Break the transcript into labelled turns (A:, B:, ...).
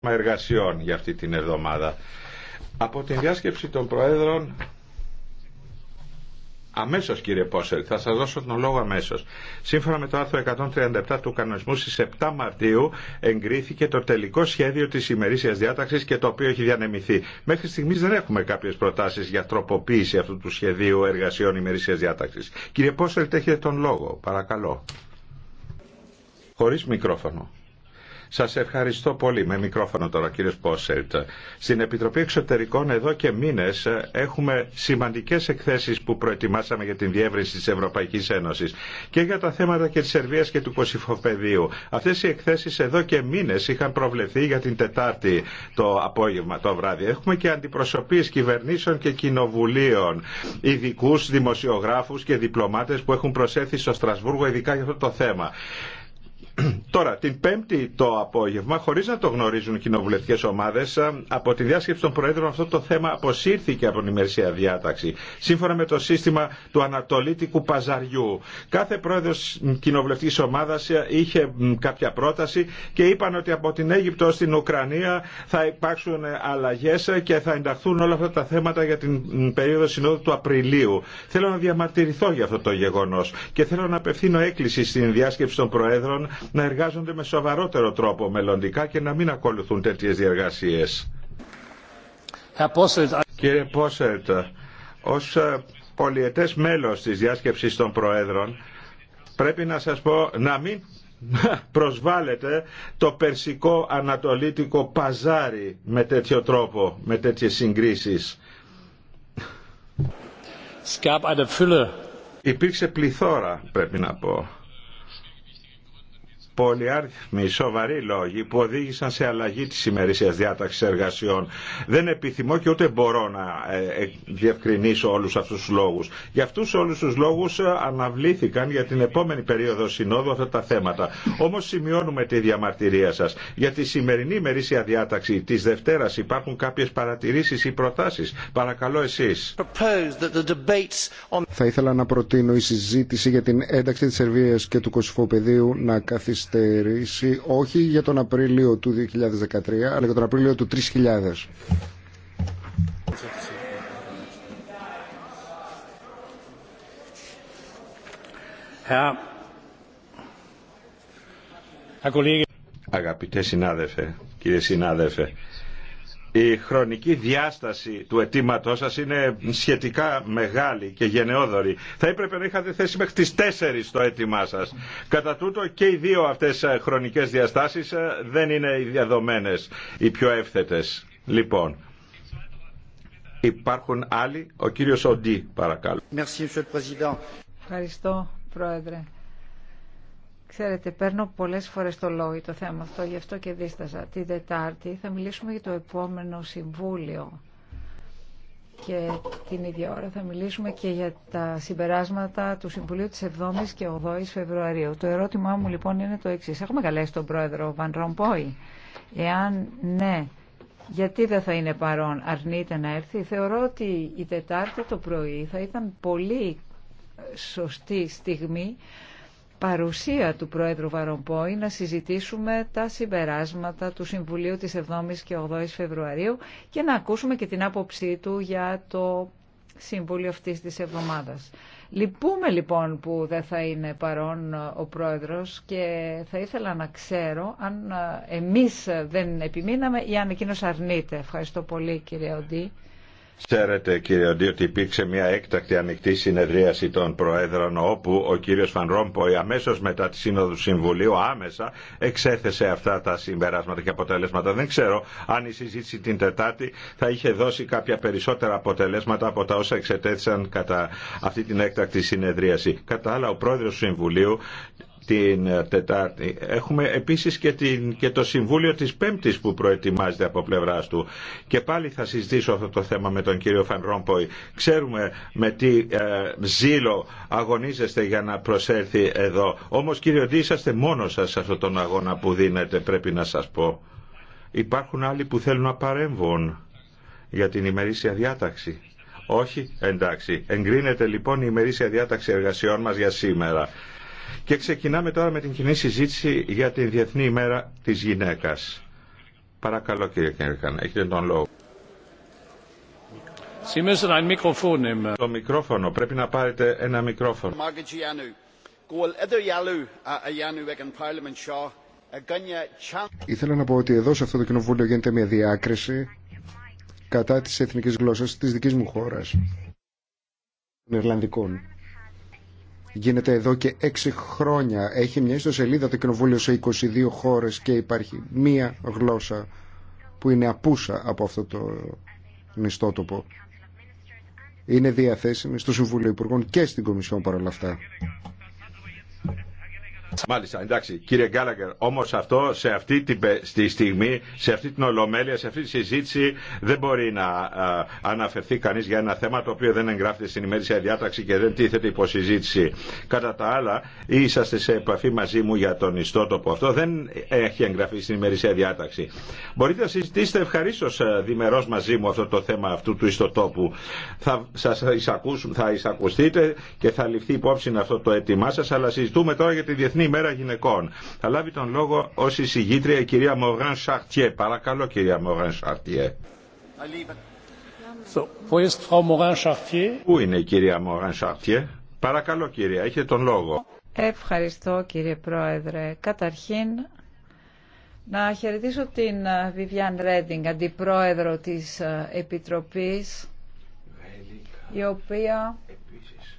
A: εργασιών για αυτή την εβδομάδα. Από την διάσκεψη των Προέδρων, αμέσως κύριε Πόσελ, θα σας δώσω τον λόγο αμέσως. Σύμφωνα με το άρθρο 137 του κανονισμού, στις 7 Μαρτίου εγκρίθηκε το τελικό σχέδιο της ημερήσιας διάταξης και το οποίο έχει διανεμηθεί. Μέχρι στιγμής δεν έχουμε κάποιες προτάσεις για τροποποίηση αυτού του σχεδίου εργασιών ημερήσιας διάταξης. Κύριε Πόσελ, έχετε τον λόγο, παρακαλώ. Χωρίς μικρόφωνο. Σας ευχαριστώ πολύ. Με μικρόφωνο τώρα κύριε Πόσερτ. Στην Επιτροπή Εξωτερικών εδώ και μήνες έχουμε σημαντικές εκθέσεις που προετοιμάσαμε για την διεύρυνση της Ευρωπαϊκής Ένωσης και για τα θέματα και της Σερβίας και του Κωσυφοπεδίου. Αυτές οι εκθέσεις εδώ και μήνες είχαν προβλεφθεί για την Τετάρτη το απόγευμα, το βράδυ. Έχουμε και αντιπροσωπείς κυβερνήσεων και κοινοβουλίων, ειδικού δημοσιογράφους και διπλωμάτες που έχουν προσέθει στο Στρασβούργο ειδικά για αυτό το θέμα. Τώρα, την Πέμπτη το απόγευμα, χωρί να το γνωρίζουν οι κοινοβουλευτικέ ομάδε, από τη διάσκεψη των Προέδρων αυτό το θέμα αποσύρθηκε από την ημερησία διάταξη. Σύμφωνα με το σύστημα του Ανατολίτικου Παζαριού. Κάθε πρόεδρο κοινοβουλευτική ομάδα είχε κάποια πρόταση και είπαν ότι από την Αίγυπτο στην Ουκρανία θα υπάρξουν ε, αλλαγέ και θα ενταχθούν όλα αυτά τα θέματα για την περίοδο συνόδου του Απριλίου. Θέλω να διαμαρτυρηθώ για αυτό το γεγονό και θέλω να απευθύνω έκκληση στην διάσκεψη των Προέδρων να εργάζονται με σοβαρότερο τρόπο μελλοντικά και να μην ακολουθούν τέτοιες διεργασίες. Κύριε Πόσερτ, ως ε, πολιετές μέλος της διάσκεψης των Προέδρων, πρέπει να σας πω να μην προσβάλλετε το περσικό ανατολίτικο παζάρι με τέτοιο τρόπο, με τέτοιες συγκρίσεις. Υπήρξε πληθώρα, πρέπει να πω, πολυάριθμοι σοβαροί λόγοι που οδήγησαν σε αλλαγή της ημερήσιας διάταξης εργασιών. Δεν επιθυμώ και ούτε μπορώ να ε, ε, διευκρινίσω όλους αυτούς τους λόγους. Για αυτούς όλους τους λόγους ε, αναβλήθηκαν για την επόμενη περίοδο συνόδου αυτά τα θέματα. Όμως σημειώνουμε τη διαμαρτυρία σας. Για τη σημερινή ημερήσια διάταξη της Δευτέρας υπάρχουν κάποιες παρατηρήσεις ή προτάσεις. Παρακαλώ εσείς.
B: Θα ήθελα να προτείνω η συζήτηση για την ένταξη τη Σερβίας και του Κωσυφοπεδίου να καθιστά όχι για τον Απρίλιο του 2013 αλλά για τον Απρίλιο του 3000.
A: Αγαπητέ συνάδελφε, κύριε συνάδελφε, η χρονική διάσταση του αιτήματό σα είναι σχετικά μεγάλη και γενναιόδορη. Θα έπρεπε να είχατε θέση μέχρι τι 4 το αίτημά σα. Κατά τούτο και οι δύο αυτέ ε, χρονικέ διαστάσει ε, δεν είναι οι διαδομένε, οι πιο εύθετε. Λοιπόν, υπάρχουν άλλοι. Ο κύριο Οντί, παρακαλώ.
C: Ευχαριστώ, Πρόεδρε. Ξέρετε, παίρνω πολλές φορές το λόγο το θέμα αυτό, γι' αυτό και δίσταζα. Την Δετάρτη θα μιλήσουμε για το επόμενο Συμβούλιο και την ίδια ώρα θα μιλήσουμε και για τα συμπεράσματα του Συμβουλίου της 7ης και 8ης Φεβρουαρίου. Το ερώτημά μου λοιπόν είναι το εξής. Έχουμε καλέσει τον πρόεδρο Βαν Ρομπόη. Εάν ναι, γιατί δεν θα είναι παρόν, αρνείται να έρθει. Θεωρώ ότι η Τετάρτη το πρωί θα ήταν πολύ σωστή στιγμή παρουσία του Πρόεδρου Βαρομπόη να συζητήσουμε τα συμπεράσματα του Συμβουλίου της 7ης και 8ης Φεβρουαρίου και να ακούσουμε και την άποψή του για το Συμβούλιο αυτής της εβδομάδας. Λυπούμε λοιπόν που δεν θα είναι παρόν ε, ο Πρόεδρος και θα ήθελα να ξέρω αν ε, εμείς δεν επιμείναμε ή αν εκείνος αρνείται. Ευχαριστώ πολύ κύριε Οντή.
A: Ξέρετε κύριε Οντή ότι υπήρξε μια έκτακτη ανοιχτή συνεδρίαση των Προέδρων όπου ο κύριος Φαν Ρόμποϊ αμέσως μετά τη Σύνοδο Συμβουλίου άμεσα εξέθεσε αυτά τα συμπεράσματα και αποτελέσματα. Δεν ξέρω αν η συζήτηση την Τετάτη θα είχε δώσει κάποια περισσότερα αποτελέσματα από τα όσα εξετέθησαν κατά αυτή την έκτακτη συνεδρίαση. Κατά άλλα ο Πρόεδρος του Συμβουλίου την ε, Τετάρτη. Έχουμε επίσης και, την, το Συμβούλιο της Πέμπτης που προετοιμάζεται από πλευράς του. Και πάλι θα συζητήσω αυτό το θέμα με τον κύριο Φαν Ξέρουμε με τι ε, ζήλο αγωνίζεστε για να προσέλθει εδώ. Όμως κύριο Ντί είσαστε μόνος σας σε αυτόν τον αγώνα που δίνετε πρέπει να σας πω. Υπάρχουν άλλοι που θέλουν να παρέμβουν για την ημερήσια διάταξη. Όχι, εντάξει. Εγκρίνεται λοιπόν η ημερήσια διάταξη εργασιών μας για σήμερα. Και ξεκινάμε τώρα με την κοινή συζήτηση για την Διεθνή ημέρα της γυναίκας. Παρακαλώ κύριε Κένρικαν, έχετε τον λόγο. Το μικρόφωνο, πρέπει να πάρετε ένα μικρόφωνο.
C: Uh, uh, uh,
B: Ήθελα να πω ότι εδώ σε αυτό το κοινοβούλιο γίνεται μια διάκριση κατά της εθνικής γλώσσας της δικής μου χώρας των Ιρλανδικών γίνεται εδώ και έξι χρόνια. Έχει μια ιστοσελίδα το κοινοβούλιο σε 22 χώρες και υπάρχει μία γλώσσα που είναι απούσα από αυτό το νηστότοπο. Είναι διαθέσιμη στο Συμβούλιο Υπουργών και στην Κομισιόν παρόλα αυτά.
A: Μάλιστα, εντάξει. Κύριε Γκάλαγκερ, όμω αυτό σε αυτή τη στιγμή, σε αυτή την ολομέλεια, σε αυτή τη συζήτηση δεν μπορεί να α, αναφερθεί κανεί για ένα θέμα το οποίο δεν εγγράφεται στην ημέρησια διάταξη και δεν τίθεται υπό συζήτηση Κατά τα άλλα, είσαστε σε επαφή μαζί μου για τον ιστότοπο αυτό. Δεν έχει εγγραφεί στην ημερησία διάταξη. Μπορείτε να συζητήσετε ευχαρίστω διμερό μαζί μου αυτό το θέμα αυτού του ιστοτόπου. Θα σα εισακούσουν, θα εισακουστείτε και θα ληφθεί υπόψη αυτό το έτοιμά σα, αλλά συζητούμε τώρα για τη διεθνή ημέρα γυναικών. Θα λάβει τον λόγο ως εισηγήτρια η κυρία Μωράν Σαρτιέ. Παρακαλώ κυρία Μωράν Σαρτιέ. Πού είναι η κυρία Μωράν Σαρτιέ. Παρακαλώ κυρία, έχετε τον λόγο.
C: Ευχαριστώ κύριε Πρόεδρε. Καταρχήν να χαιρετήσω την Βιβιάν ε, Ρέντινγκ, αντιπρόεδρο της ε, Επιτροπής, η οποία Επίσης.